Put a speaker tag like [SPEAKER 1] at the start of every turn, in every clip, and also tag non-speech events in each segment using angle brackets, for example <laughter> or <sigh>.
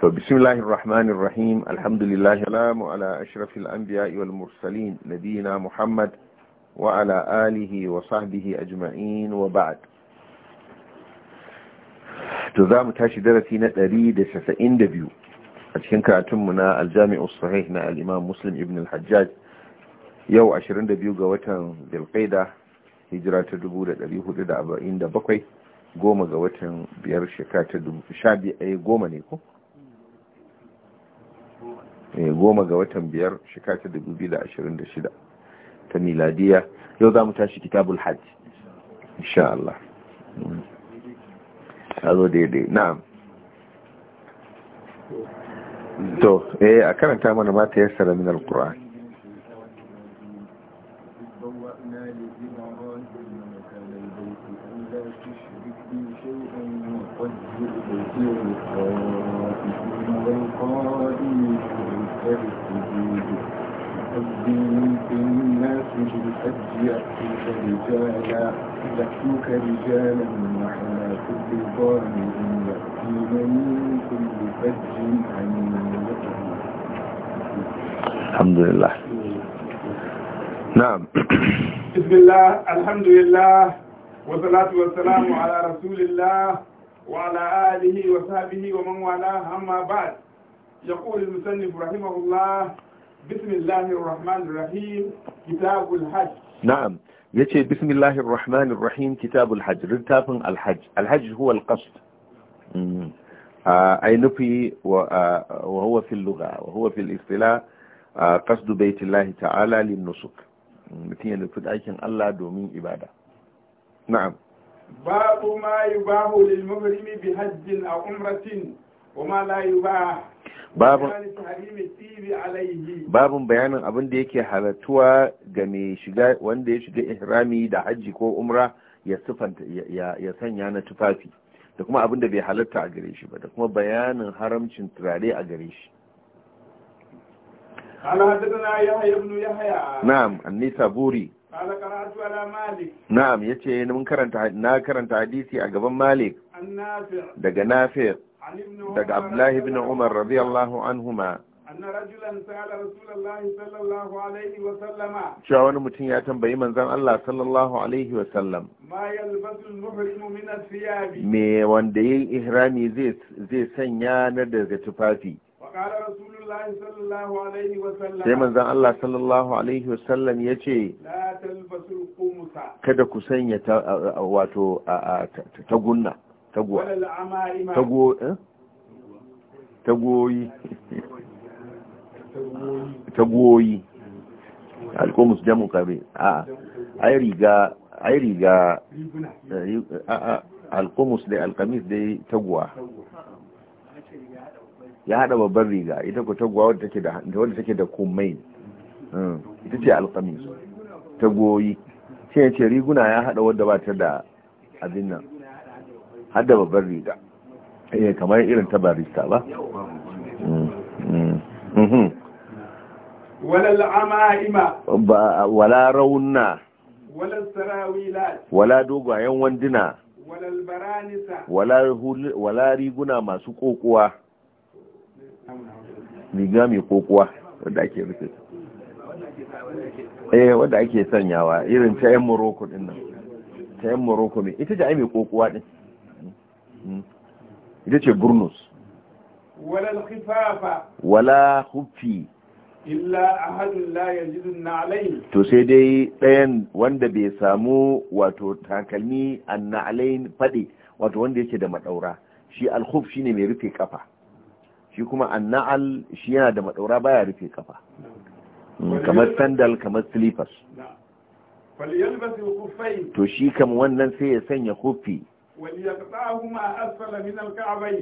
[SPEAKER 1] to rahim alhamdulillahi alamu ala ashrafil anbiya wal mursalin nabina muhammad wa ala alihi wa sahbihi ajma'in wa ba'd to za mu tashi darasi na 192 a cikin karatun mu na aljami'u sahih na al-imam muslim ibn al-hajjaj yau 22 ga watan dilqaida hijira ta 1447 goma ga watan biyar shekara ta eh, goma ne ko? Eh, goma ga watan biyar shekara ta dubu biyu da ashirin da shida ta miladiya yau za mu tashi kitabul hajj insha Allah ta zo daidai na'am to eh a karanta mana ma ta yassara min أهلكتك رجالا وحنا كل ظالم يأتين من
[SPEAKER 2] كل فج عن
[SPEAKER 1] الحمد لله نعم
[SPEAKER 2] بسم الله الحمد لله والصلاة والسلام على رسول الله وعلى آله وصحبه ومن والاه أما بعد يقول المصنف رحمه الله بسم الله الرحمن الرحيم كتاب الحج
[SPEAKER 1] نعم يتي بسم الله الرحمن الرحيم كتاب الحج رتافن الحج الحج هو القصد آه، أي نفي آه، وهو في اللغة وهو في الاصطلاح آه، قصد بيت الله تعالى للنسك متين نفد أيكن الله دومين إبادة نعم
[SPEAKER 2] باب ما يباه للمغرم بحج أو عمرة وما لا يباع
[SPEAKER 1] babin bayanin abin da yake halattuwa ga mai shiga wanda ya shiga ihrami da hajji ko umra ya sifanta ya sanya na tufafi da kuma abin da bai halatta a gare shi ba da kuma bayanin haramcin turare a gare shi
[SPEAKER 2] ya
[SPEAKER 1] na'am annisa buri na'am yace mun karanta na karanta hadisi a gaban malik daga nafi'
[SPEAKER 2] daga abdullahi ibn umar
[SPEAKER 1] radiyallahu anhuma cewa wani mutum ya tambayi manzan Allah sallallahu alaihi wasallam me wanda ya ihrami zai sanya na daga tufafi
[SPEAKER 2] sai manzan Allah
[SPEAKER 1] sallallahu alaihi wasallam ya ce kada ku sanya wato ta gunna tagoyi tagoyi alkomus jamu kabe a ai riga ai riga eh, alkomus da alkamis dai taguwa ya hada babban riga ita ku taguwa wadda take da wadda take da hmm. ita ce alkamis tagoyi sai ce riguna ya hada wadda ba ta da abin nan hada da babbar riga eh kamar irin ta barista ba mm, mm, mm.
[SPEAKER 2] wala al'ama'ima
[SPEAKER 1] wala rauna
[SPEAKER 2] wala sarawilat
[SPEAKER 1] wala dogayen wanduna
[SPEAKER 2] wala baranisa
[SPEAKER 1] wala riguna masu kokowa riga mai kokowa wadda ake rufe eh wadda ake sanyawa irin ta yan morocco din nan ta yan morocco ne ita ce ai mai kokowa din Hmm? ita ce burnus wala Wala khufi
[SPEAKER 2] illa ahadun la yajidun na'alain
[SPEAKER 1] to sai dai ɗayan wanda bai samu wato takalmi an na'alain faɗi wato wanda yake da maɗaura shi alhuf shine mai rufe kafa shi kuma an na'al shi yana da maɗaura baya rufe kafa
[SPEAKER 2] hmm, kamar sandal
[SPEAKER 1] kamar slippers to shi kam wannan sai ya sanya khufi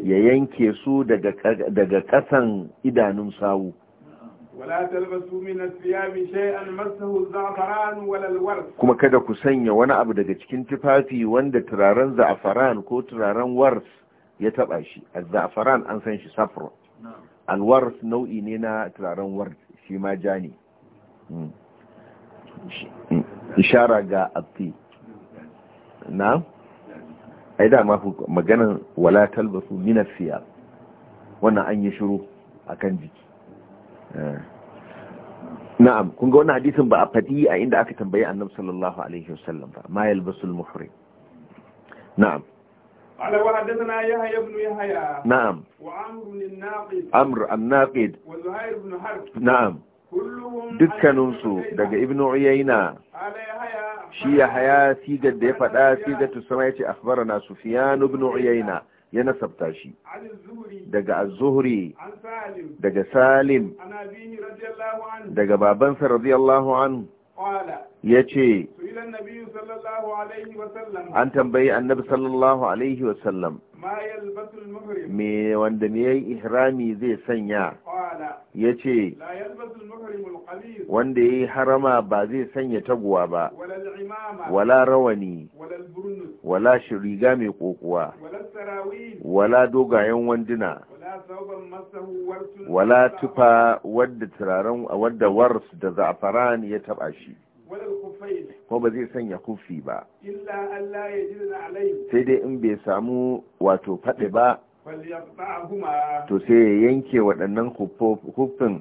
[SPEAKER 1] ya yanke su daga kasan idanun sawu kuma kada ku sanya wani abu daga cikin tufafi wanda turaren za'afaran ko turaren wars ya taba shi za'afaran an san shi safro alwars nau'i ne na turaren wars shi ma ja ne hmm. Hmm. ishara ga abti na? ai dama maganan wala talbasu min siya wannan an yi shiru akan jiki eh. na'am kun ga wannan hadisin ba a fadi a inda aka tambaye annabi sallallahu alaihi wasallam ba ma al muhrim na'am
[SPEAKER 2] yahya na'am wa amru يحيى naqid amru an-naqid wa zuhair ibn harb na'am
[SPEAKER 1] daga ibnu uyayna
[SPEAKER 2] ala yahya
[SPEAKER 1] shi ya haya sigar da ya faɗa sigatu sama ya ce akhbarana sufyan ibn uyayna ya nasabta shi daga az-zuhri
[SPEAKER 2] daga salim daga
[SPEAKER 1] babansa radiyallahu anhu ya ce an tambayi annabi sallallahu alaihi wasallam me wanda ne ya ihrami zai sanya
[SPEAKER 2] ya ce wanda ya yi
[SPEAKER 1] harama ba zai sanya taguwa ba wala rawani wala shiriga mai kokuwa
[SPEAKER 2] wala dogayen wanduna wala
[SPEAKER 1] tufa turaren wadda wars da za'afaran ya taba shi ko ba zai sanya kufi ba sai dai in bai samu wato faɗi ba to sai ya yanke waɗannan kufin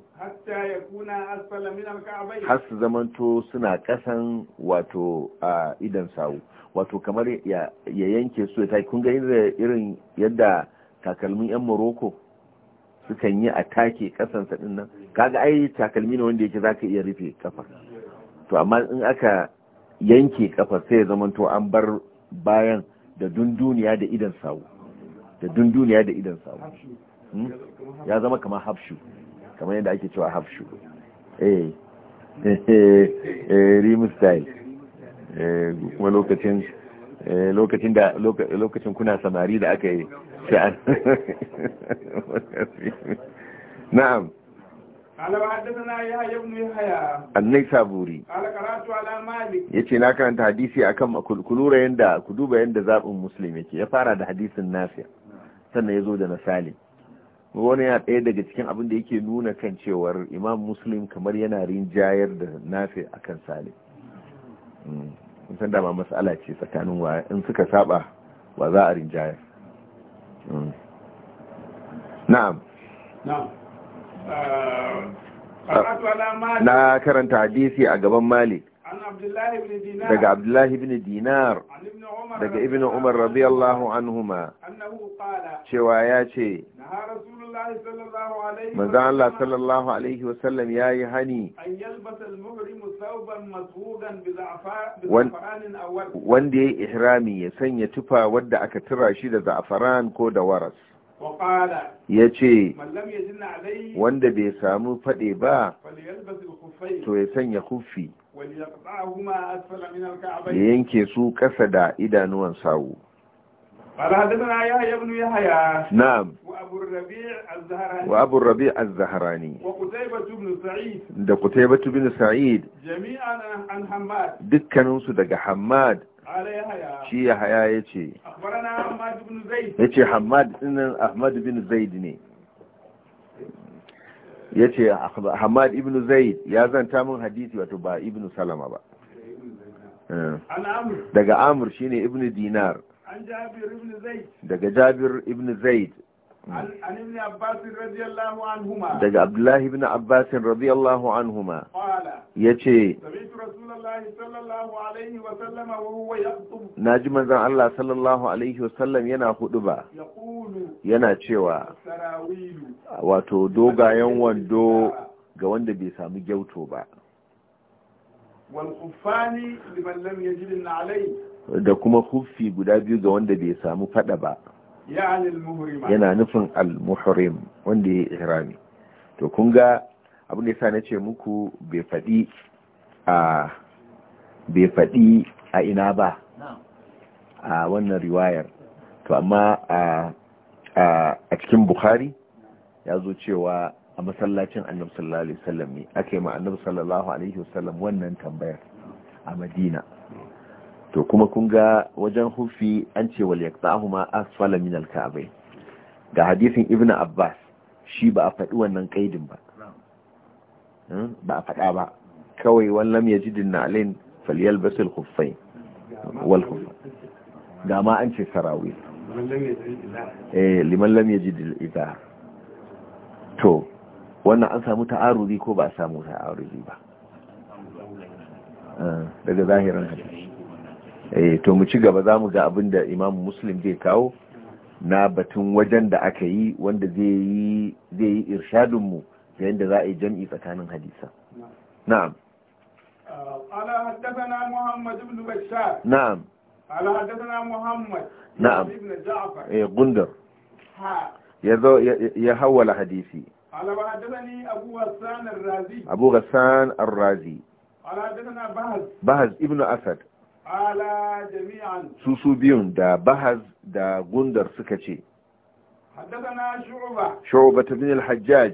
[SPEAKER 1] har su zamanto suna kasan wato a idan sawu wato kamar ya yanke su ya kun ga irin yadda takalmin 'yan morocco sukan yi a take ƙasansa ɗin nan kaga ai takalmi ne wanda yake zaka ka iya rufe kafa. to amma in aka yanke kafar sai ya to an bar bayan da dunduniya da idan sawu da dunduniya da idan sawu hmm? ya zama kamar hafshu kamar yadda ake cewa hafshu eh, <laughs> eh rim style eh, kuma lokacin eh, lokacin da lokacin kuna samari da aka yi sha'an <laughs> na'am قال buri
[SPEAKER 2] ya ce yace
[SPEAKER 1] na karanta hadisi akan kulura yadda ku duba yadda zaɓin musulmi yake ya fara da hadisin nasiya sannan ya zo da nasali wani ya ɗaya daga cikin abin da yake nuna kan cewar imam muslim kamar yana rinjayar da nafi akan salim san dama matsala ce tsakanin wa in suka saba wa za a rinjayar na'am
[SPEAKER 2] na'am na
[SPEAKER 1] karanta hadisi a gaban malik daga abdullahi bin dinar daga ibn umar radiyallahu anhuma cewa ya ce manzan Allah sallallahu alaihi wasallam ya yi hani
[SPEAKER 2] wanda ya yi
[SPEAKER 1] ihrami ya sanya tufa wadda aka tura shi da za'afaran ko da waras
[SPEAKER 2] ya ce wanda
[SPEAKER 1] bai samu faɗe ba to ya sanya kufi ya yanke su ƙasa da idanuwan sawu
[SPEAKER 2] نعم وأبو
[SPEAKER 1] الربيع الزهراني
[SPEAKER 2] وقتيبة بن سعيد
[SPEAKER 1] ده بن سعيد
[SPEAKER 2] جميعا عن
[SPEAKER 1] حماد shi ya haya yace. ya hamad ahmad bin zaid ne Yace ce hamad ibn zaid ya zanta min hadisi wato ba ibn salama ba eh. daga amur shine ibn dinar daga jabir ibn zaid daga abdullahi bin abbasin radiyallahu anhuma
[SPEAKER 2] ya ce
[SPEAKER 1] na ji manzan Allah sallallahu alaihi wasallam yana hudu ba yana cewa
[SPEAKER 2] wato dogayen
[SPEAKER 1] wando ga wanda bai samu gyauto ba da kuma huffi guda biyu ga wanda bai samu fada ba
[SPEAKER 2] yana
[SPEAKER 1] nufin al-muhrim wanda ya ihrami to kun ga abin da yasa nace muku bai fadi a bai fadi a ina ba a wannan riwayar to amma a cikin bukhari ya zo cewa a masallacin annabi sallallahu alaihi wasallam ne ake ma annabi sallallahu alaihi wasallam wannan tambayar a madina to kuma kun ga wajen hufi an ce wal yaqtahu ma asfala min al-ka'bay ga hadisin ibnu abbas shi ba a faɗi wannan kaidin ba hmm? ba a faɗa ba kawai wallam yajidun alain falyalbas al-khuffayn wal khuffayn ga ma an ce sarawi eh liman lam yajid al to wannan an samu ta'arudi ko ba a samu ta'arudi ba hmm, daga zahirin hadisi eh to mu ci gaba zamu ga abin da Imam Muslim zai kawo na batun wajen da aka yi wanda zai yi zai yi irshadun mu yanda za a yi jam'i tsakanin hadisa na'am
[SPEAKER 2] Na'am. Na'am. محمد بن بشار نعم قال حدثنا محمد نعم
[SPEAKER 1] ya zo ya hawala hadisi
[SPEAKER 2] ala haddathani Abu Ar-Razi Abu
[SPEAKER 1] Ar-Razi
[SPEAKER 2] ala haddathana Bahz
[SPEAKER 1] Bahz ibn Asad su su biyun da bahaz da gundar suka ce shuba ta bin al-hajjaj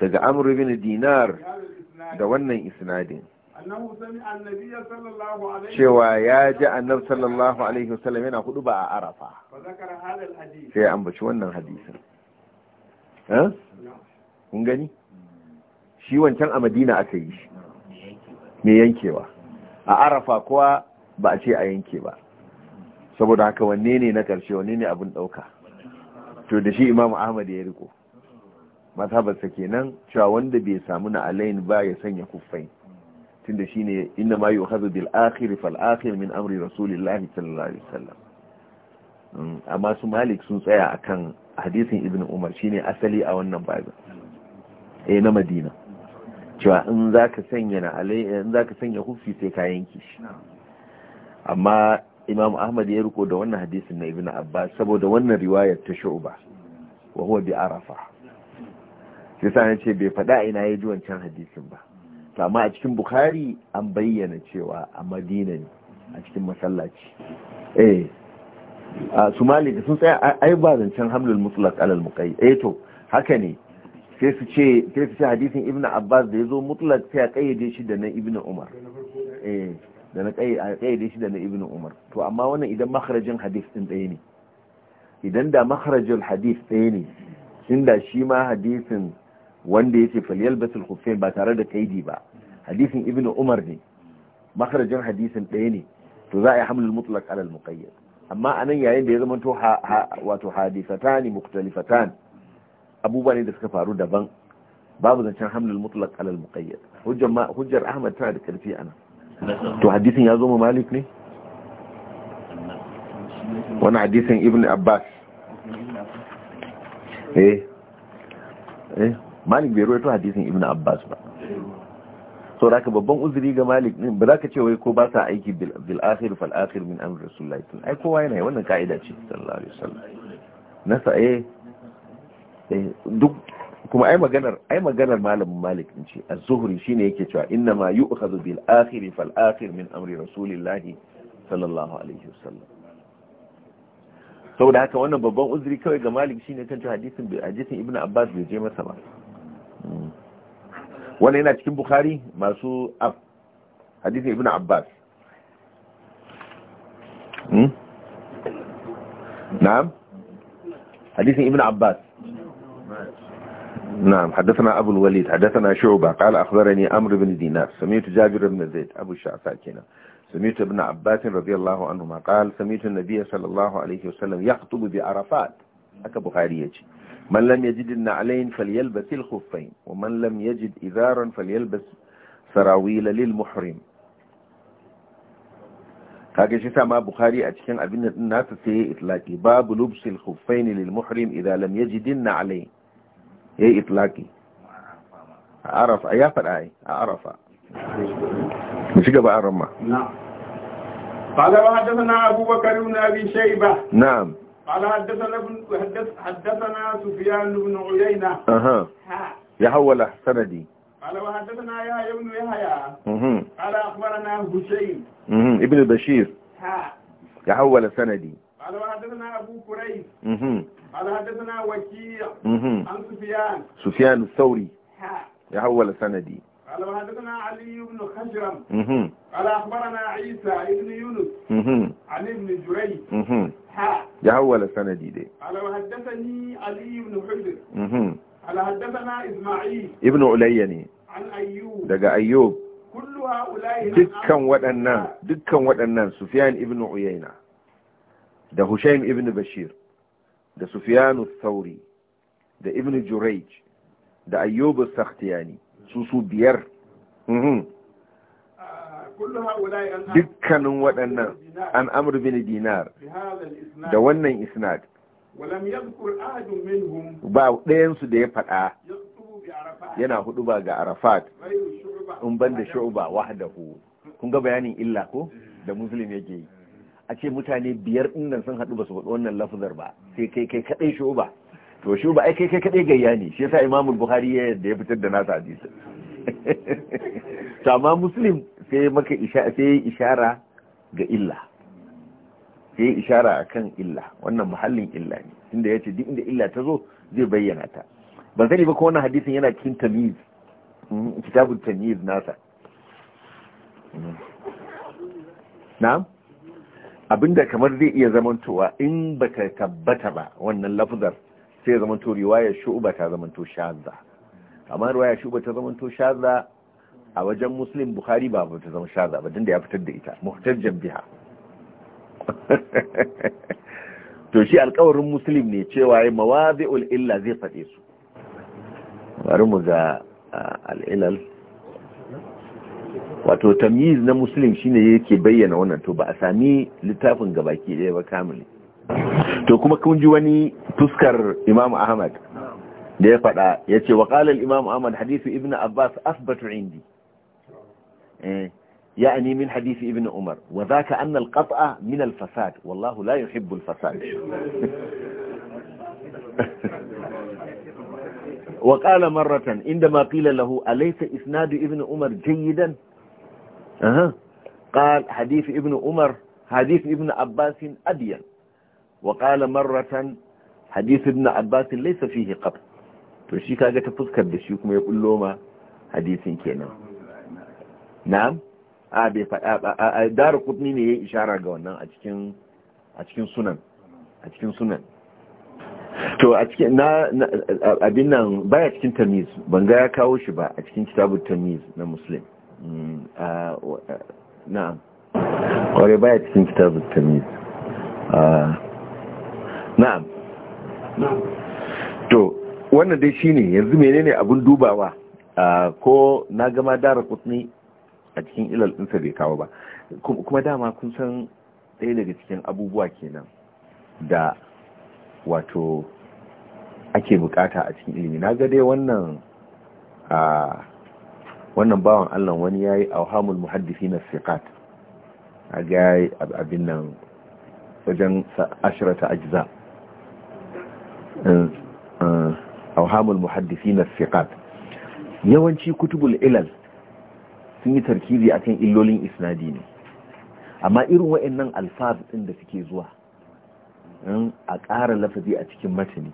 [SPEAKER 1] daga amr bin dinar da wannan isnadin
[SPEAKER 2] cewa ya
[SPEAKER 1] ji annab sallallahu alaihi wasallam yana hudu ba a arafa sai ya ambaci wannan hadisin kun gani shi wancan a madina aka yi shi mai yankewa a arafa kuwa ba a ce a yanke ba saboda haka wanne ne na ƙarshe wanne ne abin ɗauka to da shi imamu ahmad ya riko ke kenan cewa wanda bai samu na alayin ba ya sanya da tunda shine inda ma yu'khadhu bil akhiri fal akhiri min amri rasulillahi sallallahu alaihi wasallam mm, amma su malik sun tsaya akan hadisin ibn umar shine asali a wannan babin eh na madina cewa in za ka sanya na in za ka sanya hufi sai ka yanki shi amma imam ahmad ya riko da wannan hadisin na ibn abbas saboda wannan riwayar ta shu'ba wa huwa bi arafa sai sa ne ce bai faɗa ina ya ji wancan hadisin ba to amma a cikin bukhari an bayyana cewa a madina ne a cikin masallaci eh a sumali da sun tsaya ai ba zancen hamlul mutlaq alal muqayyad eh to haka ne sai su ce sai su ce hadisin ibnu abbas da yazo mutlaq sai a kayyade shi da na ibnu umar eh da na kayyade shi da na ibnu umar to amma wannan idan makharajin hadis din dai ne idan da makharajul hadis dai ne shin da shi ma hadisin wanda yace falyal basul khuffain ba tare da kaidi ba hadisin ibnu umar ne makharajin hadisin ɗaya ne to za a yi hamlul mutlaq al muqayyad amma anan yayin da ya zama to wato hadisatani mukhtalifatan abubuwa ne da suka faru daban babu zancen hamlul mutlaq alal muqayyad hujjar hujjar ahmad tana da karfi ana to hadisin ya zo mu malik ne wani hadisin ibn abbas eh eh malik bai ruwaito hadisin ibn abbas ba so da babban uzuri ga malik din ba za ka ce wai ko ba sa aiki bil akhir fal akhir min amr rasulullahi ai kowa yana wannan ka'ida ce sallallahu alaihi wasallam nasa eh Eh, duk kuma ai maganar ai maganar malamin malik din ce az-zuhri shine yake cewa inna ma yu'khadhu bil akhir fal akhir min amri rasulillahi sallallahu alaihi wasallam saboda haka wannan babban uzuri kawai ga malik shine kan hadisin hadisin ibnu abbas bai je masa ba hmm. wannan yana cikin bukhari masu ab hadisin ibnu abbas hmm? na'am hadisin ibnu abbas نعم حدثنا أبو الوليد حدثنا شعبة قال أخبرني أمر بن دينار سميت جابر بن زيد أبو الشعفاء كنا سميت ابن عباس رضي الله عنهما قال سميت النبي صلى الله عليه وسلم يخطب بعرفات هكا بخاري من لم يجد النعلين فليلبس الخفين ومن لم يجد إذارا فليلبس سراويل للمحرم kage shi sa بخاري bukhari a cikin abin nan nasa sai ya itlaki babu lubsil khuffain lil muhrim lam ya yi itlaki a arafa ya faɗa yi a arafa shi gaba a ramma
[SPEAKER 2] قال وحدثنا أبو بكر بن أبي شيبة نعم قال حدثنا ابن حدثنا سفيان بن عيينة أها
[SPEAKER 1] يحول سندي
[SPEAKER 2] قال وحدثنا يحيى بن يحيى قال أخبرنا هشيم
[SPEAKER 1] ابن بشير يحول سندي
[SPEAKER 2] قال وحدثنا أبو كريب قال حدثنا وكيع عن سفيان
[SPEAKER 1] سفيان الثوري يحول سندي
[SPEAKER 2] قال حدثنا علي بن خجرم قال اخبرنا عيسى بن يونس عن ابن جريج
[SPEAKER 1] يحول سندي دي
[SPEAKER 2] قال حدثني علي بن حجر قال حدثنا اسماعيل
[SPEAKER 1] ابن عليني
[SPEAKER 2] عن ايوب
[SPEAKER 1] دقى ايوب
[SPEAKER 2] كل هؤلاء دكان
[SPEAKER 1] ودنان دكان ودنان سفيان ابن عيينه ده هشيم ابن بشير da sufiyanu thauri da ibn jurayj da ayyubu sakhtiyani su su biyar mhm. dukkanin waɗannan an amur bin dinar da wannan isnad ba ɗayansu da ya faɗa yana hudu ba ga arafat in ban da shu'uba wahdahu kun ga bayanin illa ko da muslim yake yi a ce mutane biyar ɗinnan sun haɗu ba su faɗi wannan lafazar ba sai kai kai kaɗai shuba to shuba ai kai kai kaɗai gayya ne shi yasa imamu buhari ya yadda ya fitar da nasa hadisi <laughs> to amma muslim sai maka sai ishara ga illa sai ishara akan illa wannan muhallin illa ne tunda yace duk inda illa ta zo zai bayyana ta ban sani ba ko wannan hadisin yana cikin tamiz hmm, kitabun tamiz nasa hmm. na'am abinda kamar zai iya zamantowa in baka tabbata ba wannan lafuzar, sai zamanto riwaya shu'ba ta zamanto shazza amma riwaya shu'ba ta zamanto shazza a wajen muslim bukhari ba ba ta zama shazza ba dinda ya fitar da ita muhtajjan biha <laughs> to shi alƙawarin muslim ne cewa ya mawazi'ul illa zai faɗe su bari mu ga al'ilal wato tamyiz na muslim shine yake bayyana wannan to ba a sami littafin gabaki daya ba kamili to kuma kun ji wani tuskar imam ahmad da ya faɗa yace ce wa ƙalar imam ahmad hadithu ibn abbas asbatu indi eh, ya ani min hadithu ibn umar wa za ka annal ƙasa min fasad wallahu la yuhibbul fasad <laughs> wa qala marratan indama lahu alaysa isnadu ibn umar jayyidan aha qal hadith ibn umar hadith ibn abbas abyan ibn abbas laysa fihi qab to kaga ta fuskar da shi kuma ya kullo ma hadisin kenan na'am a bai faɗa daru kutni ne ya ishara ga wannan a a cikin sunan to a cikin na abin nan baya cikin tamiz ban ga ya kawo shi ba a cikin kitabun tamiz na muslim mm, na kware baya cikin kitabun tamiz na to wannan dai shine yanzu menene abin dubawa ko na gama dara kutni a cikin ilal ɗinsa bai kawo ba kuma dama kun san ɗaya daga cikin abubuwa kenan da wato ake bukata a cikin ilimi na ga dai wannan a wannan bawan Allah wani yayi auhamul na as-siqat aga abin nan wajen ashrata ajza eh, eh, auhamul muhaddisi as-siqat yawanci kutubul ilal sun yi tarkizi akan illolin isnadi ne amma irin waɗannan alfaz ɗin da suke zuwa a ƙara lafazi a cikin matani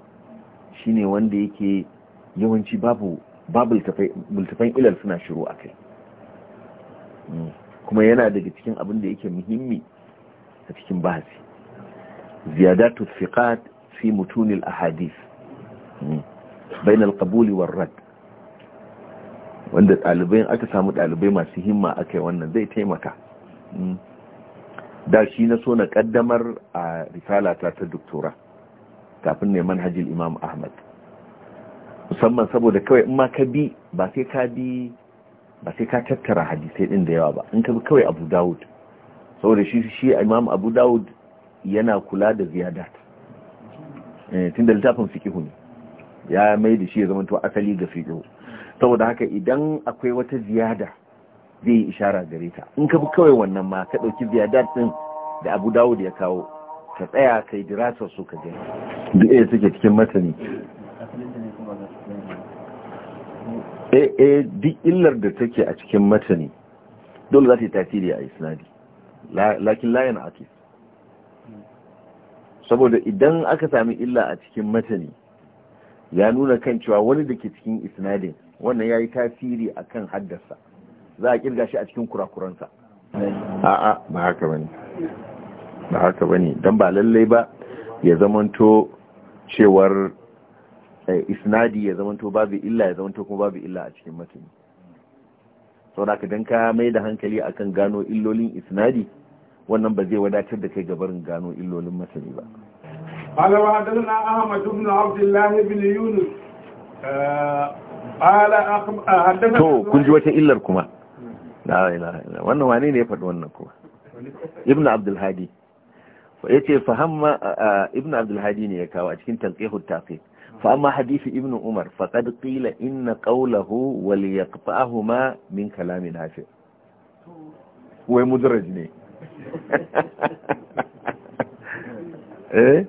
[SPEAKER 1] shine wanda yake yawanci babu multifan ilal suna shiru a kai hmm. kuma yana daga cikin abin da yake muhimmi a cikin bahasi ziyadatu fiqat fi mutunil ahadith hmm. bain al war rad wanda ɗalibai aka samu ɗalibai masu himma akai wannan zai taimaka hmm. da shi na so na kaddamar a risalata ta doktora kafin ne manhajin imam ahmad musamman saboda kawai in ma ka bi ba sai ka bi ba sai ka tattara hadisai din da yawa ba in ka bi kawai abu dawud saboda shi shi imam abu dawud yana kula da ziyadat eh, tun da littafin fikihu ne ya mai da shi ya zama to asali ga fikihu saboda haka idan akwai wata ziyada zai yi ishara gare ta in ka bi kawai wannan ma ka ɗauki ziyadat ɗin da abu dawud ya kawo ka tsaya ka yi dirasar su ka gani duk ɗaya suke cikin masani eh, eh duk illar da take a cikin matani dole za ta yi tasiri a isnadi lakin layan ake saboda idan aka sami illa a cikin matani ya nuna kan cewa wani da ke cikin isnadin wannan ya yi tasiri a kan haddasa za a kirga shi a cikin kurakuransa a'a ba haka bane ba haka bane don ba lallai ba ya zamanto cewar eh, isnadi ya zamanto babu illa ya zamanto kuma babu illa a cikin matani saboda ka ka mai da hankali akan gano illolin isnadi wannan ba zai wadatar da kai gabarin gano illolin matani ba
[SPEAKER 2] قال وحدثنا أحمد بن عبد الله بن يونس قال حدثنا تو كنت
[SPEAKER 1] وتا la ilaha illa wannan wane ne ya faɗi wannan kuma ibn Abdulhadi. hadi ya ce fahamma ibn abdul hadi ne ya kawo a cikin tanqihut taqiq fa amma hadisi ibn umar fa faqad qila inna qawlahu wal yaqta'ahuma min kalamin nafi wai mudraj ne <laughs> eh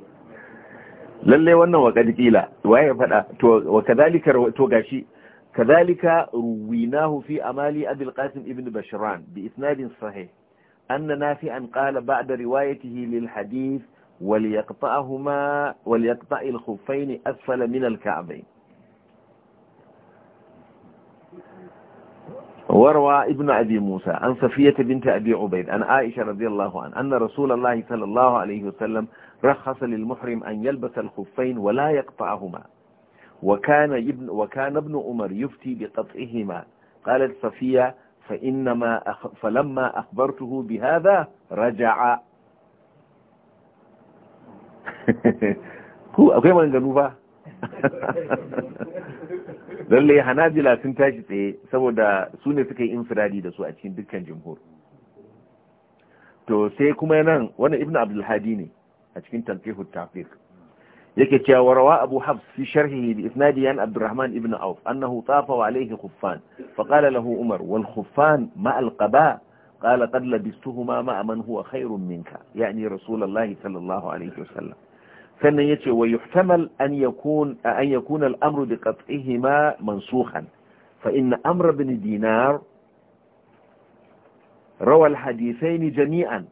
[SPEAKER 1] lalle wannan waqad qila waye faɗa to wa kadhalika to gashi كذلك رويناه في أمال أبي القاسم ابن بشران بإسناد صحيح أن نافعا قال بعد روايته للحديث وليقطعهما وليقطع الخفين أسفل من الكعبين وروى ابن أبي موسى عن صفية بنت أبي عبيد عن عائشة رضي الله عنها أن رسول الله صلى الله عليه وسلم رخص للمحرم أن يلبس الخفين ولا يقطعهما وكان ابن, وكان ابن عمر يفتي بقطعهما قالت صفية فإنما أخ فلما أخبرته بهذا رجع ku akwai maganganu ba lalle hanabila sun tashi tsaye saboda su ne suka yi infiradi da su a cikin dukkan jimhur to sai kuma nan wani ibn abdulhadi ne a cikin tanfihut tafiq لكت يا وروى أبو حفص في شرحه بإثنادي عن عبد الرحمن ابن عوف أنه طاف عليه خفان فقال له عمر والخفان ما القباء قال قد لبستهما ما من هو خير منك يعني رسول الله صلى الله عليه وسلم فنيت ويحتمل أن يكون أن يكون الأمر بقطعهما منسوخا فإن أمر بن دينار روى الحديثين جميعا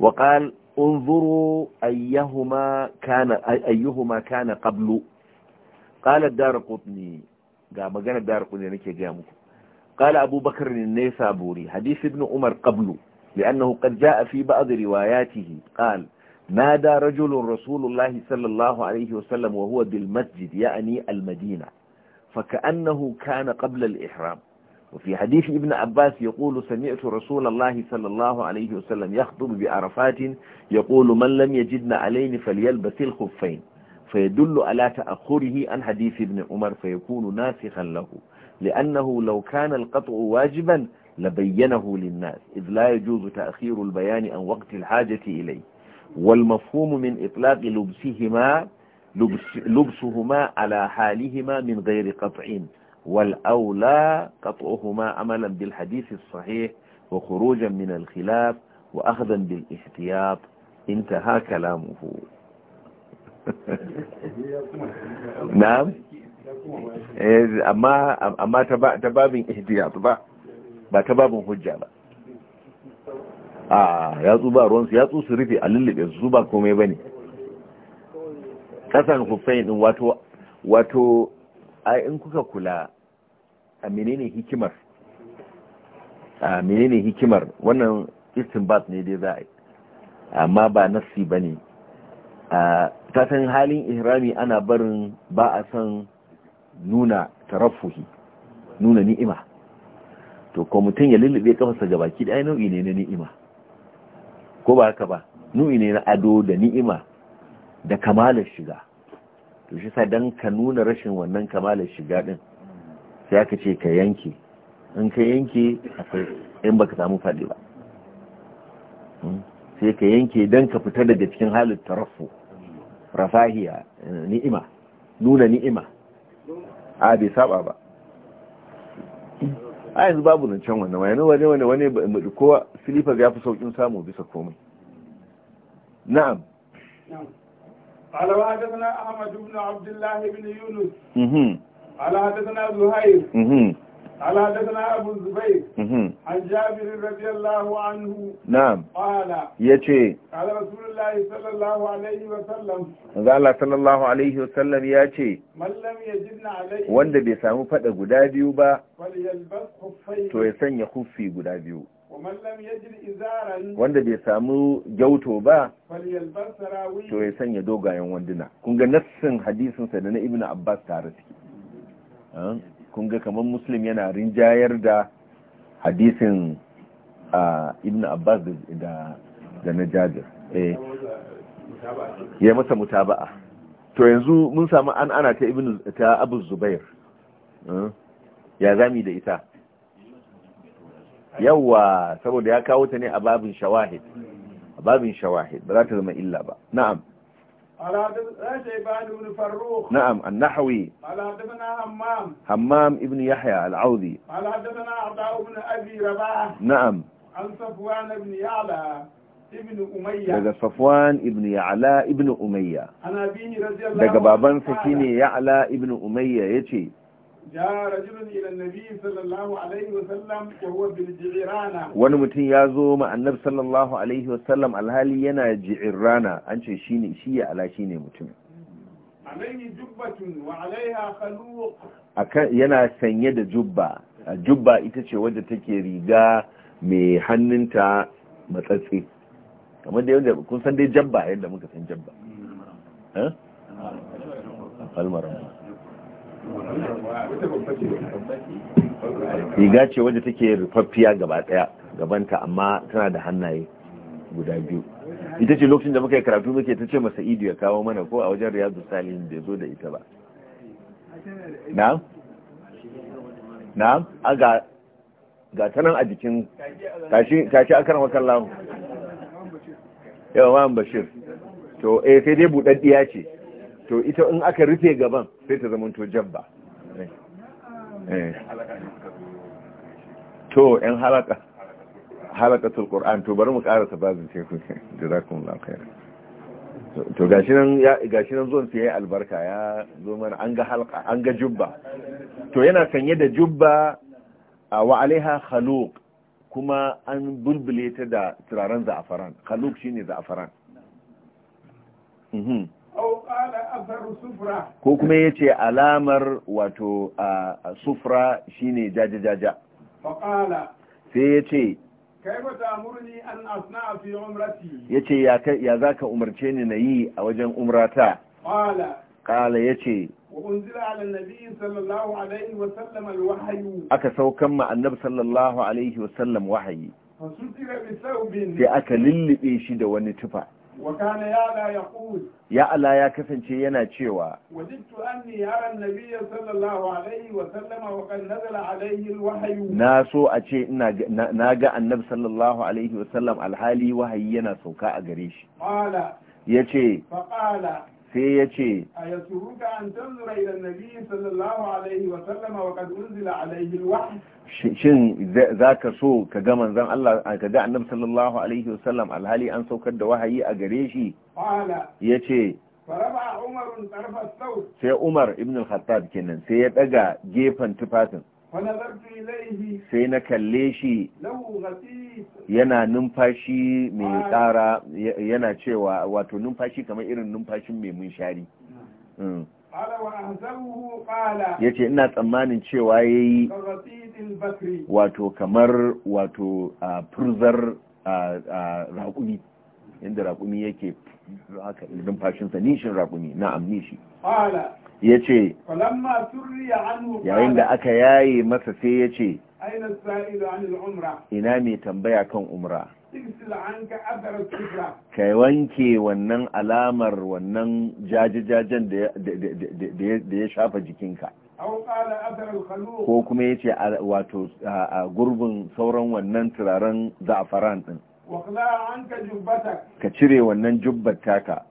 [SPEAKER 1] وقال انظروا أيهما كان, أيهما كان قبل قال الدار قطني قام قال الدار قطني نكي قال أبو بكر النيسابوري حديث ابن عمر قبل لأنه قد جاء في بعض رواياته قال نادى رجل رسول الله صلى الله عليه وسلم وهو بالمسجد يعني المدينة فكأنه كان قبل الإحرام وفي حديث ابن عباس يقول سمعت رسول الله صلى الله عليه وسلم يخطب بعرفات يقول من لم يجدن عليه فليلبس الخفين فيدل على تأخره عن حديث ابن عمر فيكون ناسخا له لأنه لو كان القطع واجبا لبينه للناس إذ لا يجوز تأخير البيان عن وقت الحاجة إليه والمفهوم من إطلاق لبسهما لبس لبسهما على حالهما من غير قطعين والأولى قطعهما أملا بالحديث الصحيح وخروجا من الخلاف وأخذا بالاحتياط انتهى كلامه <laughs> نعم إيه، أما, أما تباب احتياط با با ta babin hujja ba a yatsu ba ruwansu yatsu su rufe a lullube su ba komai ba ne واتو ai in kuka kula a menene hikimar a menene hikimar wannan istinbat ne dai za a amma ba nassi ba ne ta san halin ihrami ana barin ba a san nuna tarafuhi nuna ni'ima to ko mutum ya lullube kafarsa ga baki ɗaya nau'i ne na ni'ima ko ba haka ba nau'i ne na ado da ni'ima da kamalar shiga to shi sa dan ka nuna rashin wannan kamalar shiga din sai aka ce ka yanke in ka yanke akwai in baka samu faɗi ba hmm? sai ka yanke dan ka fita daga cikin halin tarafu rafahiya ni'ima nuna ni'ima a bai saba ba a yanzu babu nan can wannan wani wani wani wani kowa silifas ya fi saukin samu bisa komai na'am
[SPEAKER 2] قال وحدثنا احمد بن عبد الله بن يونس قال حدثنا زهير قال حدثنا ابو الزبير عن جابر رضي الله عنه نعم قال يتي قال رسول الله صلى الله عليه وسلم
[SPEAKER 1] قال صلى الله عليه وسلم يتي
[SPEAKER 2] من لم يجدنا عليه وند
[SPEAKER 1] بيسامو فدا غدا بيو با
[SPEAKER 2] فليلبس خفين تو يسن
[SPEAKER 1] يخفي غدا بيو wanda bai samu gyauto ba to ya sanya dogayen wanduna kun ga nassin hadisin sa da na ibnu abbas tare suke kun ga kamar muslim yana rinjayar da hadisin a ibnu abbas da da na Jajir? eh ya masa mutaba'a to yanzu mun samu an ana ta ibnu ta abu zubair ya zami da ita yawa saboda ya kawo ta ne a babin shawahid a babin shawahid ba za ta zama illa ba na'am نعم النحوي
[SPEAKER 2] قال حدثنا همام
[SPEAKER 1] همام ابن يحيى daga Safwan ibn Ya'la ibn Umayya
[SPEAKER 2] daga baban sa shine
[SPEAKER 1] Ya'la ibn Umayya yace
[SPEAKER 2] جاء رجل إلى النبي صلى الله عليه وسلم وهو بالجعرانة wani
[SPEAKER 1] mutum ya zo ma صلى الله عليه وسلم alhali yana ji'irrana an ce shine shi ya ala shine mutum
[SPEAKER 2] jubbatun wa khaluq
[SPEAKER 1] akan yana sanye da jubba ita ce wadda take riga mai hannunta matsatsi kamar da yadda kun san dai jabba yadda muka san jabba eh almaram riga ce wadda take rufaffiya gaba daya gabanta amma tana da hannaye guda biyu ita ce lokacin da muka yi karatu muke ta ce masa idu ya kawo mana ko a wajen riyadu salihin bai zo da ita ba na'am na'am a ga ga ta nan a jikin tashi a karan wakar lamu yawan bashir to eh sai dai buɗaɗɗiya ce to ita in aka rufe gaban sai ta zama to jabba eh. to yan halaka tul qur'an to bari mu karasa bazin sai ku allah khair to gashi nan ya gashi nan zuwan sai albarka ya zo mana an ga halqa an ga jubba to yana sanye da jubba wa alaiha khaluq kuma an bulbule ta da turaren za'afaran khaluq shine za'afaran mhm ko kuma ya ce alamar wato a sufra shine jajajaja sai ya ce ya ce ya za ka umarce ni na yi a wajen umrata ƙala ya ce aka saukan ma annabi sallallahu alaihi wasallam wahayi sai aka lullube shi da wani tufa
[SPEAKER 2] وكان يعلى يقول
[SPEAKER 1] يعلى يا كسنشي ينا تشيوا
[SPEAKER 2] وجدت أني أرى النبي صلى الله عليه وسلم وقد نزل عليه الوحي ناسو
[SPEAKER 1] أتشي ناقا النبي صلى الله عليه وسلم الحالي وهي ينا سوكاء قريش قال يتشي فقال sai ya ce
[SPEAKER 2] a ya turuka an tanzura ila nabi sallallahu alaihi wa sallama wa unzila alaihi
[SPEAKER 1] shin zaka so ka ga manzon Allah ka ga annabi sallallahu alaihi wa sallam alhali an saukar da wahayi a gare shi yace
[SPEAKER 2] faraba umar tarfa
[SPEAKER 1] sai umar ibn al-khattab kenan sai ya daga gefen tufafin sai na kalle shi yana numfashi mai ƙara yana cewa wato numfashi kamar irin numfashin mai munshari ya ce ina tsammanin cewa ya yi wato kamar wato a furzar raƙumi inda raƙumi yake haka numfashinsa nishin raƙumi na'am shi. ya ce
[SPEAKER 2] yayin da aka
[SPEAKER 1] yaye masa sai ya ce ina mai tambaya kan umra ka wanke wannan alamar wannan jajajajen da ya shafa jikinka ko kuma ya ce wato a gurbin sauran wannan turaren za'afaran din ka cire wannan jubbar taka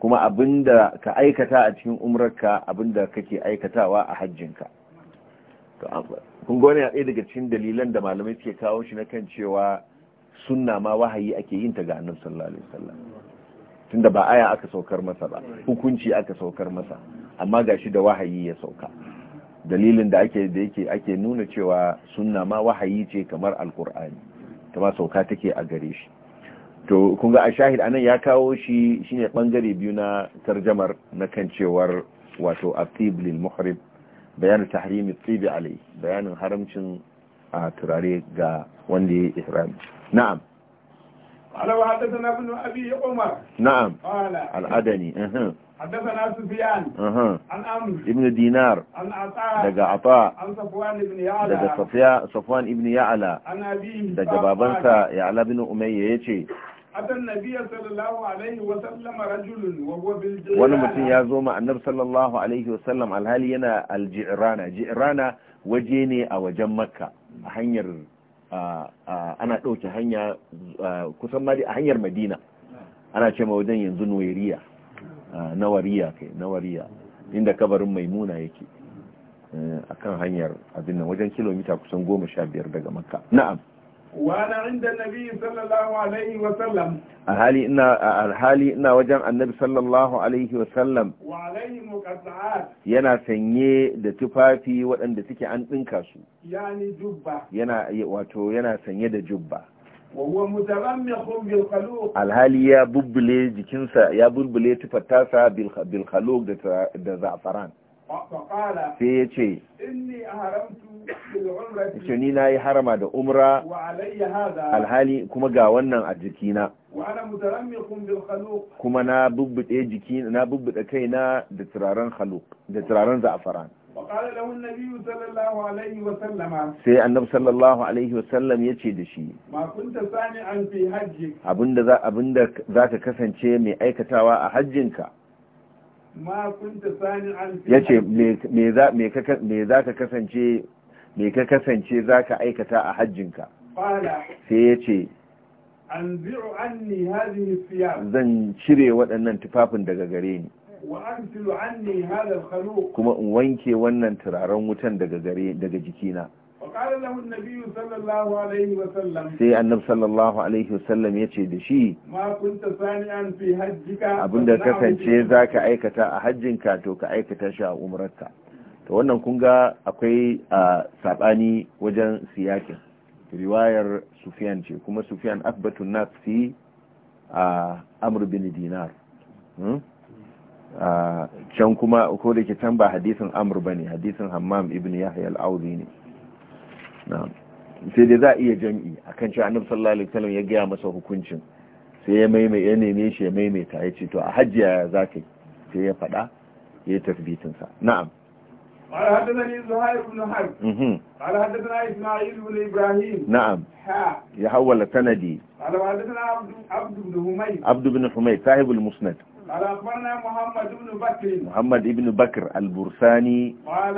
[SPEAKER 1] kuma abinda ka aikata a cikin umrarka abinda kake aikatawa a hajjinka kun gane a ɗaya daga cikin dalilan da malamai ke kawo shi na kan cewa suna ma wahayi ake yin ta ga annan sallallahu alaihi wasallam tunda ba aya aka saukar masa ba hukunci aka saukar masa amma ga shi da wahayi ya sauka dalilin da ake da yake ake nuna cewa sunna ma wahayi ce kamar Alkur'ani. kama sauka take a gare shi to kun ga a shahid anan ya kawo shi shine bangare biyu na tarjamar na kan cewar wato atib lil muhrib bayanin tahrimi tibi alai bayanin haramcin a turare ga wanda ya yi na'am
[SPEAKER 2] قال وحدثنا ابن أبي عمر
[SPEAKER 1] نعم قال العدني أه.
[SPEAKER 2] حدثنا سفيان أه. عن أمر
[SPEAKER 1] ابن دينار
[SPEAKER 2] عن عطاء دقى عطاء عن صفوان ابن يعلى دقى صفيا
[SPEAKER 1] صفوان ابن يعلى عن
[SPEAKER 2] أبيه دقى بابنسا
[SPEAKER 1] يعلى بن أمية يجي
[SPEAKER 2] أتى النبي صلى الله عليه وسلم رجل وهو بالجيرانة ونمتن يازوم
[SPEAKER 1] النبي صلى الله عليه وسلم الهالي ينا الجئرانة جئرانة وجيني أو جمكة حنير ana ɗauke hanya kusan ma a hanyar madina ana ce ma wajen yanzu nuwariya nawariya kai nawariya inda kabarin maimuna yake eh, akan hanyar abin nan wajen kilomita kusan goma sha biyar daga makka na'am
[SPEAKER 2] وانا عند النبي صلى الله عليه وسلم
[SPEAKER 1] الحالي انا الحالي انا وجن النبي صلى الله عليه وسلم
[SPEAKER 2] وعليه مقطعات
[SPEAKER 1] yana sanye da tufafi waɗanda suke an dinka su
[SPEAKER 2] yani jubba
[SPEAKER 1] yana wato yana sanye da jubba
[SPEAKER 2] وهو مترمخ بالخلوق الحالي
[SPEAKER 1] يا ببلي جكنسا يا ببلي تفتاسا بالخلوق ده زعفران
[SPEAKER 2] فقال
[SPEAKER 1] سيتي
[SPEAKER 2] اني اهرمت yace ni yi harama da umra alhali
[SPEAKER 1] kuma ga wannan a jikina kuma na bubbude jiki na bubbude kaina da turaren khaluq da turaren za'afaran sai annabi sallallahu alaihi wasallam ya ce da shi abinda za ka kasance mai aikatawa a hajjinka ya ce me za ka kasance me ka kasance za ka aikata a hajjinka sai ya ce zan cire waɗannan tufafin daga gare ni kuma in wanke wannan turaren wutan daga jikina sai annab sallallahu alaihi wasallam ya ce da shi
[SPEAKER 2] abinda kasance za
[SPEAKER 1] ka aikata a hajjinka to ka aikata shi a umararka to wannan kunga akwai a sabani wajen siyakin riwayar sufiyan ce kuma sufiyan akbatun na fi a amur bin dinar hmm? can kuma ko da ke can ba hadisin amur ba ne hadisin hammam ibn yahya al'auzi ne sai dai za a iya jam'i a kan cewa annabi sallallahu alaihi wasallam ya gaya masa hukuncin sai ya maimai ya neme shi ya maimaita ya ce to a hajjiya za ka yi sai ya faɗa ya yi tasbitinsa na'am
[SPEAKER 2] قال حدثني زهير بن حرب قال حدثنا اسماعيل بن ابراهيم نعم حاء
[SPEAKER 1] يحول سندي
[SPEAKER 2] قال حدثنا عبد عبد بن حميد عبد
[SPEAKER 1] بن حميد صاحب المسند
[SPEAKER 2] قال اخبرنا محمد بن بكر محمد
[SPEAKER 1] بن بكر البرساني قال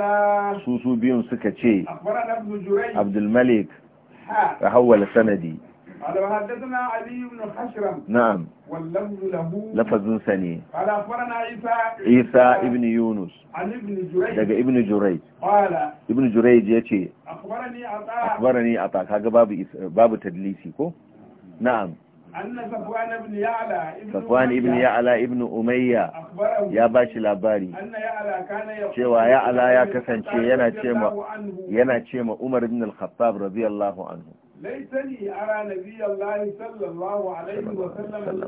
[SPEAKER 1] سوسو بن سكتشي
[SPEAKER 2] اخبرنا ابن جريج عبد الملك حاء
[SPEAKER 1] يحول سندي
[SPEAKER 2] قال وحدثنا علي بن حشرم نعم واللفظ له لفظ سني قال اخبرنا عيسى عيسى ابن يونس عن ابن جريج دقى ابن جريج قال
[SPEAKER 1] ابن جريج يتي
[SPEAKER 2] اخبرني عطاء اخبرني
[SPEAKER 1] عطاء كاغا باب باب تدليسي كو نعم
[SPEAKER 2] أن صفوان بن يعلى ابن صفوان ابن يعلى
[SPEAKER 1] ابن أمية يا باشي لاباري
[SPEAKER 2] أن يعلى كان يقول شوى يعلى يا كسنشي ينا تشيما ينا
[SPEAKER 1] تشيما عمر بن الخطاب رضي الله عنه
[SPEAKER 2] laitani ara nabiyallahi sallallahu alaihi wa sallam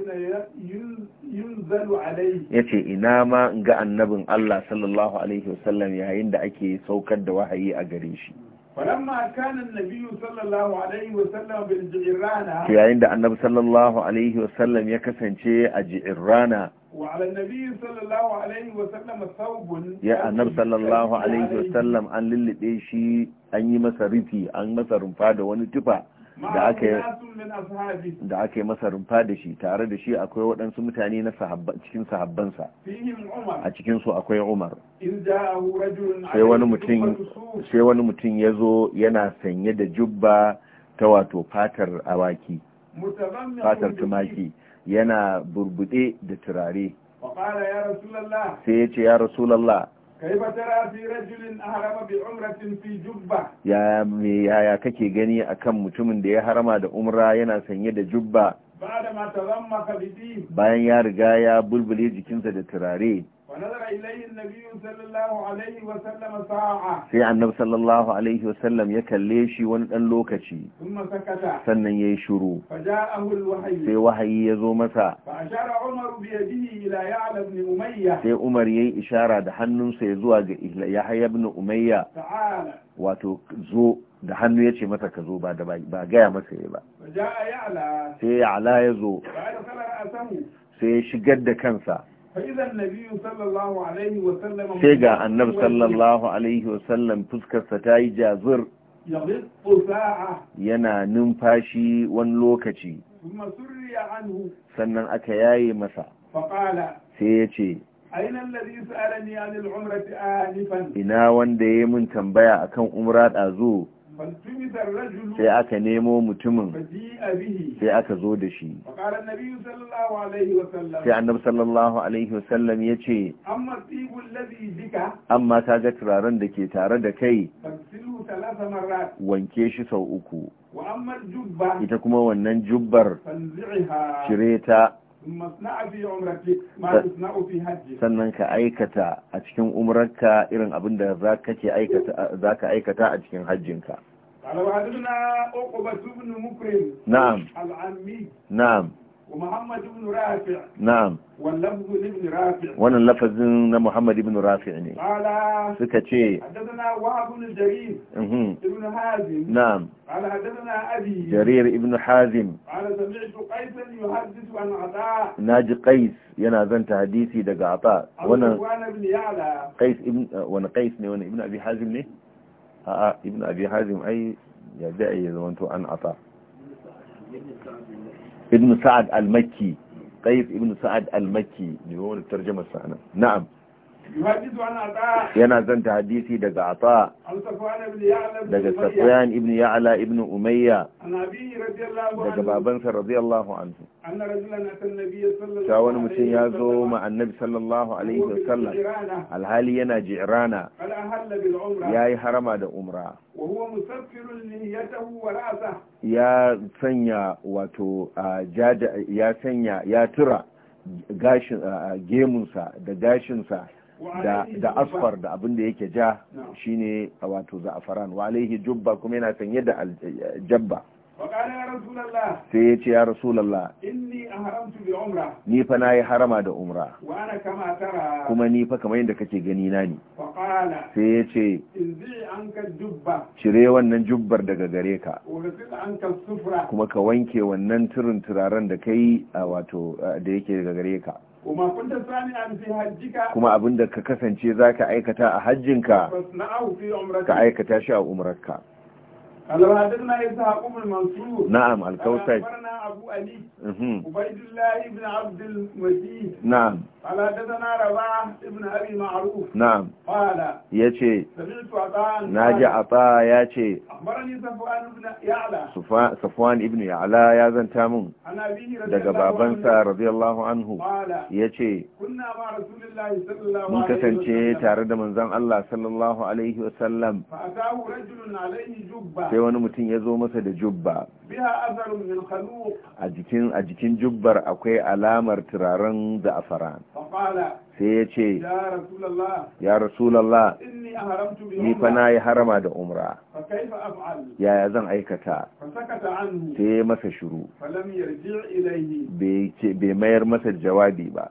[SPEAKER 2] yunzalu alaihi
[SPEAKER 1] yace ina ma in ga annabin Allah sallallahu alaihi wa sallam yayin da ake saukar da wahayi a gare shi
[SPEAKER 2] falamma kana annabi sallallahu alaihi wa sallam bil jirana yayin
[SPEAKER 1] da annabi sallallahu alaihi wa sallam ya kasance a
[SPEAKER 2] وعلى النبي صلى الله عليه وسلم ثوب يا النبي صلى الله عليه وسلم
[SPEAKER 1] ان أن للي شيء أن يمسى رفي أن ده وني تفا da aka yi masa rumfa da shi tare da shi akwai waɗansu mutane na sahabba cikin sahabbansa a cikin su akwai umar sai wani mutum ya zo yana sanye da jubba ta wato fatar awaki
[SPEAKER 2] fatar tumaki
[SPEAKER 1] yana burbuɗe da turare.
[SPEAKER 2] ya
[SPEAKER 1] Sai ya ce ya Rasulallah.
[SPEAKER 2] Kai ba tara fi rajulin harama bi umratin fi jubba.
[SPEAKER 1] Ya me yaya kake gani akan mutumin da ya harama da umra yana sanye da jubba.
[SPEAKER 2] Ba da Bayan
[SPEAKER 1] ya riga ya bulbule jikinsa da turare.
[SPEAKER 2] ونظر إليه النبي صلى الله عليه وسلم ساعة
[SPEAKER 1] في النبي صلى الله عليه وسلم يكليشي وان لوكشي ثم سكت سنن يشرو
[SPEAKER 2] فجاءه الوحي في
[SPEAKER 1] وحي يزو مسا
[SPEAKER 2] فأشار عمر بيده إلى يعلى بن أمية في
[SPEAKER 1] عمر يي إشارة دحنن سيزوى يحيى بن أمية تعالى wato zo da hannu ya ce masa ka zo ba da ba gaya masa ya ba sai ya ala ya zo sai ya shigar da kansa
[SPEAKER 2] sai ga annabi sallallahu
[SPEAKER 1] alaihi wasallam fuskarsa ta yi jazir yana numfashi wani lokaci sannan aka yaye masa sai ya ce ina wanda ya yi mun tambaya akan umra ɗazu
[SPEAKER 2] sai aka
[SPEAKER 1] nemo mutumin sai aka zo da shi sai annabi sallallahu alaihi wasallam ya ce amma ta ga turaren da ke tare da kai wanke shi sau uku ita kuma wannan jubbar cire ta sannan ka aikata a cikin umrarka irin abin da za ka aikata a cikin hajjinka. Na'am. Na'am.
[SPEAKER 2] ومحمد بن رافع نعم واللفظ لابن رافع وانا
[SPEAKER 1] اللفظ محمد بن رافع
[SPEAKER 2] قال سكتشي حدثنا وهب بن جرير ابن حازم نعم قال حدثنا ابي جرير
[SPEAKER 1] ابن حازم
[SPEAKER 2] قال سمعت قيسا يحدث عن عطاء
[SPEAKER 1] ناجي قيس ينا زنت حديثي دغ عطاء وانا
[SPEAKER 2] ابن يعلى
[SPEAKER 1] قيس ابن وانا قيس وانا ابن ابي حازم ني اه, آه، ابن ابي حازم اي يدعي وانتو عن عطاء ابن سعد المكي قيس ابن سعد المكي اللي هو الترجمة الثانيه نعم yana zanta hadisi daga ata
[SPEAKER 2] daga safiyan
[SPEAKER 1] ibn ya'la ibn umayya
[SPEAKER 2] daga babansa
[SPEAKER 1] radiyallahu anhu
[SPEAKER 2] ta wani mutum ya zo ma
[SPEAKER 1] annabi sallallahu alaihi wasallam alhali yana jirana ya yi harama da umra ya sanya wato ya sanya ya tura gashin gemunsa da gashinsa
[SPEAKER 2] da asfar da
[SPEAKER 1] abin da yake ja shine wato za'afaran wa alaihi jubba kuma yana sanye da jabba sai ya ce ya rasulallah ni fa na yi harama da umra kuma ni fa kamar yadda kake gani na ne sai ya ce cire wannan jubbar daga gare ka kuma ka wanke wannan turin turaren da yi a wato da yake daga gare ka kuma abinda ka kasance zaka aikata a hajjinka ka aikata shi a umrarka
[SPEAKER 2] قال حدثنا إسحاق بن منصور نعم الكوثر أخبرنا أبو علي عبيد الله بن عبد المجيد نعم قال حدثنا رباح بن أبي معروف نعم قال يأتي سمعت عطاء ناجي
[SPEAKER 1] عطاء يأتي
[SPEAKER 2] أخبرني صفوان بن يعلى
[SPEAKER 1] صفوان بن يعلى يا زن تامون أنا
[SPEAKER 2] أبيه رضي الله عنه رضي الله عنه قال يأتي كنا مع رسول الله صلى الله عليه وسلم من كسنتي تارد
[SPEAKER 1] من زن الله صلى الله عليه وسلم
[SPEAKER 2] فأتاه رجل عليه جبة sai wani
[SPEAKER 1] mutum ya zo masa da jubba a jikin jubbar akwai alamar turaren da za'afaran sai ya ce ya rasulallah
[SPEAKER 2] ni fa na yi harama
[SPEAKER 1] da umra yaya zan aikata sai ya masa shuru bai mayar masa jawabi ba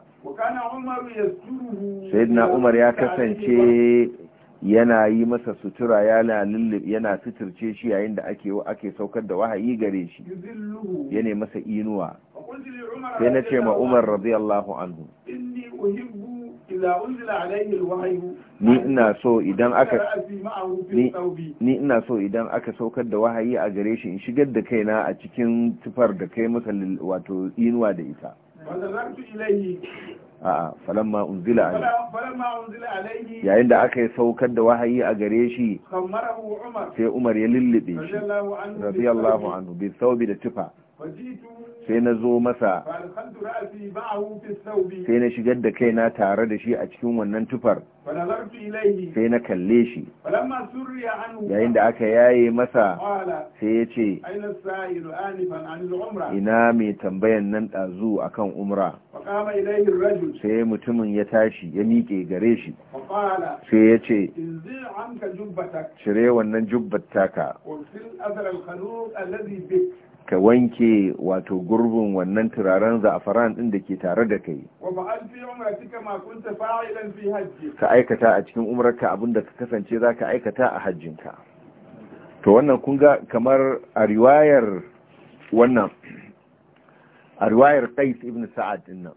[SPEAKER 2] sayyidina umar ya kasance
[SPEAKER 1] yana yi masa sutura yana suturce shi yayin da ake ake saukar da wahayi gare shi yana masa inuwa
[SPEAKER 2] sai na ce ma umar
[SPEAKER 1] radiyallahu anhu ni ina so idan aka ni ina so idan aka saukar da wahayi a gare shi in shigar da kaina a cikin tufar da kai masa wato inuwa da ita a'a falamma unzila
[SPEAKER 2] alayhi yayin
[SPEAKER 1] da aka yi saukar da wahayi a gare shi sai umar ya lullube
[SPEAKER 2] shi radiyallahu
[SPEAKER 1] anhu bi thawbi da tufa sai na zo masa sai na shigar da kaina tare da shi a cikin wannan tufar sai na kalle shi yayin da aka yaye masa sai ya ce ina mai tambayan nan ɗazu a kan umra sai mutumin ya tashi ya miƙe gare shi
[SPEAKER 2] sai ya ce
[SPEAKER 1] cire wannan jubbat ka wanke wato gurbin wannan turaren za'afaran din da ke tare da kai ka aikata a cikin umrarka abinda ka kasance za ka aikata a hajjinka to wannan kun ga kamar a riwayar wannan a riwayar qais ibn sa'ad din nan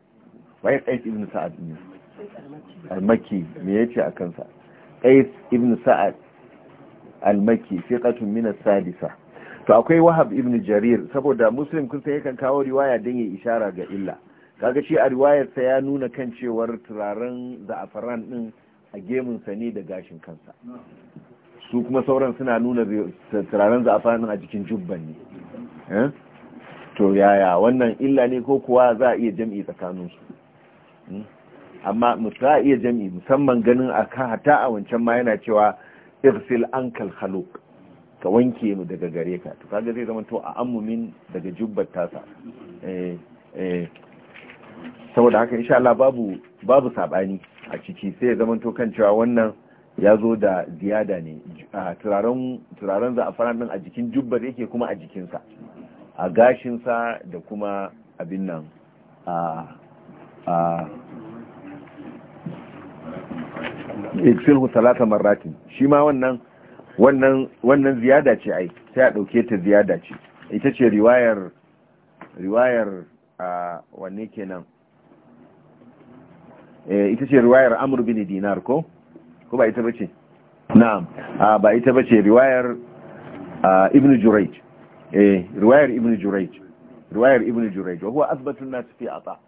[SPEAKER 1] wai qais ibn sa'ad ne al-makki me yace akan sa qais ibn sa'ad al-makki fiqatun min as-sadisa to akwai wahab ibn jarir saboda muslim kun san yakan kawo riwaya don ya ishara ga illa kaga shi a riwayarsa ya nuna kan cewar turaren za'afaran din a gemunsa ne da gashin kansa su kuma sauran suna nuna turaren din a jikin jubban ne eh? to yaya wannan illa ne ko kuwa za a iya tsakanin su hmm? amma za a iya jami'i musamman ganin a kan hata a wancan ma yana cewa ifsil ankal khaluq ka wanke mu daga gare ka to kaga zai zama to a ammumin daga jubbar tasa eh eh saboda haka insha Allah babu babu sabani a ciki sai ya zama to kan cewa wannan ya zo da ziyada ne turaren turaren za a fara nan a jikin jubbar yake kuma a jikin sa, a gashin sa da kuma abin nan a a ikfilu salata marratin shi ma wannan wannan wannan ziyada ce ai sai a dauke ta ziyada ce ita ce riwayar riwayar a wanne kenan eh ita ce riwayar Amr bin Dinar ko ko ba ita bace na'am ba ita bace riwayar Ibn Jurayj eh riwayar Ibn Jurayj riwayar Ibn Jurayj wa huwa athbatu nas fi ata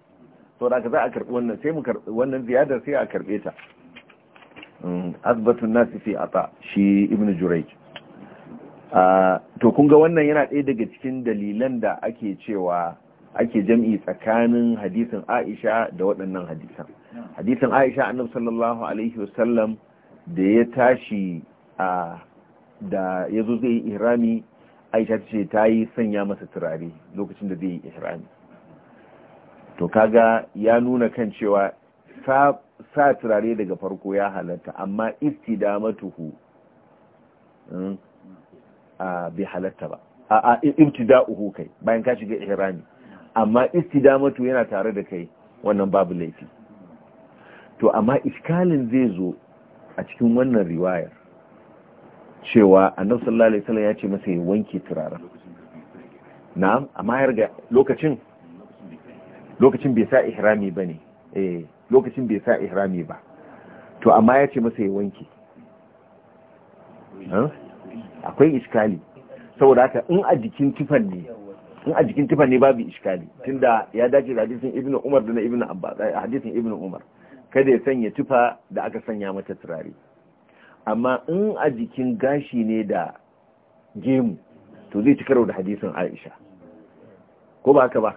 [SPEAKER 1] to da ka za a karbi wannan sai mu karbi wannan ziyadar sai a karbe ta Mm, azbatun nasi fi ata shi ibn jurayj ah, to kun ga wannan yana ɗaya daga cikin dalilan da ake cewa ake jam'i tsakanin hadisin Aisha da waɗannan hadisan hadisin Aisha annab sallallahu alaihi wasallam da ya tashi a da yazo zai yi ihrami Aisha ce ta yi sanya masa turare lokacin da zai yi ihrami to kaga ya nuna kan cewa sa turare daga farko ya halatta amma istidamatuhu hmm, a bi halatta ba a ibtida'uhu kai bayan ka shiga ihrami amma istidamatu yana tare da kai wannan babu laifi to amma iskalin zai zo a cikin wannan riwayar cewa annabi sallallahu alaihi wasallam ya ce masa ya wanke turaren na'am amma ya lokacin lokacin bai sa ihrami bane eh lokacin bai sa ihrami ba to amma ya ce masa ya wanke akwai iskali saboda haka in a jikin tufan ne in a jikin tufan ne babu iskali tunda ya dace da hadisin ibnu umar da na ibnu abbas eh, hadisin ibnu umar kada ya sanya tufa da aka sanya mata turare amma in a jikin gashi ne da gemu to zai ci karo da hadisin aisha ko ba haka ba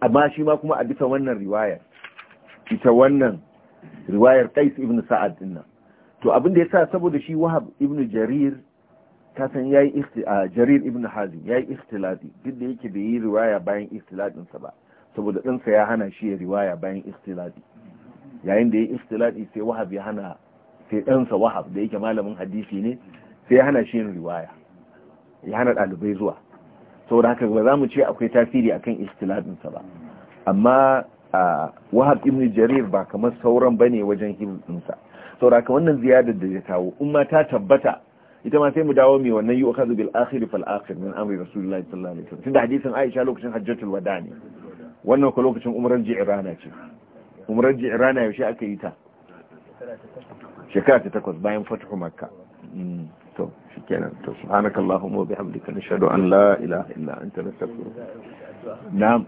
[SPEAKER 1] amma shi ma kuma a bisa wannan riwayar ita wannan riwayar qais ibn sa'ad din nan to abin da yasa saboda shi wahab ibn jarir ka san yayi jarir ibn hazim yayi ikhtilati duk da yake bai yi riwaya bayan ikhtilafin sa ba saboda ɗansa ya hana shi riwaya bayan ikhtilati yayin da yayi ikhtilati sai wahab ya hana sai ɗansa wahab da yake malamin hadisi ne sai ya hana shi yin riwaya ya hana ɗalibai zuwa saboda haka ba za mu ce akwai tasiri akan ikhtilafin sa ba amma a wahab ibn jarir ba kamar sauran bane wajen hibinsa sauraka wannan ziyadar da ya kawo umma ta tabbata ita ma sai mu dawo mai wannan yi ukhadhu bil akhir fal akhir min amri rasulullahi sallallahu alaihi wasallam tunda hadisin Aisha lokacin hajjatul wada ne wannan ko lokacin umrar ji'rana ce umrar ji'rana yaushe aka yi ta shekara ta takwas bayan fatuhu makka mm, to shikenan to subhanakallahumma wa bihamdika nashhadu an la ilaha illa anta nastaghfiruka na'am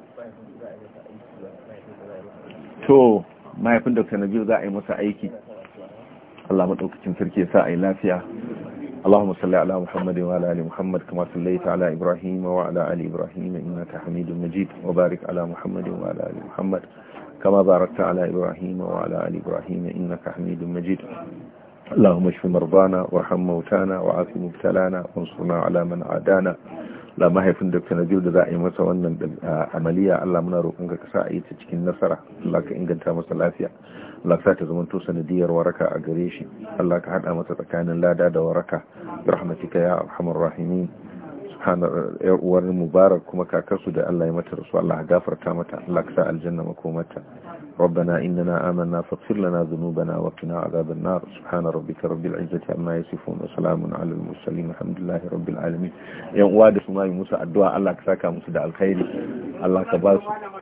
[SPEAKER 1] to mahaifin dr nabil za a yi masa aiki allah maɗaukacin sarki sa a yi lafiya allahu musalli ala muhammadu wa ala ali muhammad kama sallai ta ala ibrahim ala ali ibrahim inna ta hamidu majid wa ala muhammadu wa ala ali muhammad kama barakta ala ibrahim ala ali ibrahim inna ka hamidu majid اللهم اشف مرضانا وارحم موتانا وعاف مبتلانا وانصرنا على من عادانا da mahaifin dr najib da za a yi masa wannan amaliya allah muna roƙon ka kasa a yi ta cikin nasara allah ka inganta masa lafiya allah ka ta zamanto sanadiyar waraka a gare shi allah ka haɗa masa tsakanin lada da waraka rahmatika ya arhamar rahimin yar uwar mubarak kuma kakarsu da allah ya mata rasu allah gafarta mata allah ka sa aljanna makomata ربنا إننا آمنا فاغفر لنا ذنوبنا وقنا عذاب النار سبحان ربك رب العزة عما يصفون وسلام على المرسلين الحمد لله رب العالمين يوم وادس ما يموسى الدعاء الله كساكا مسدع الخير الله كباس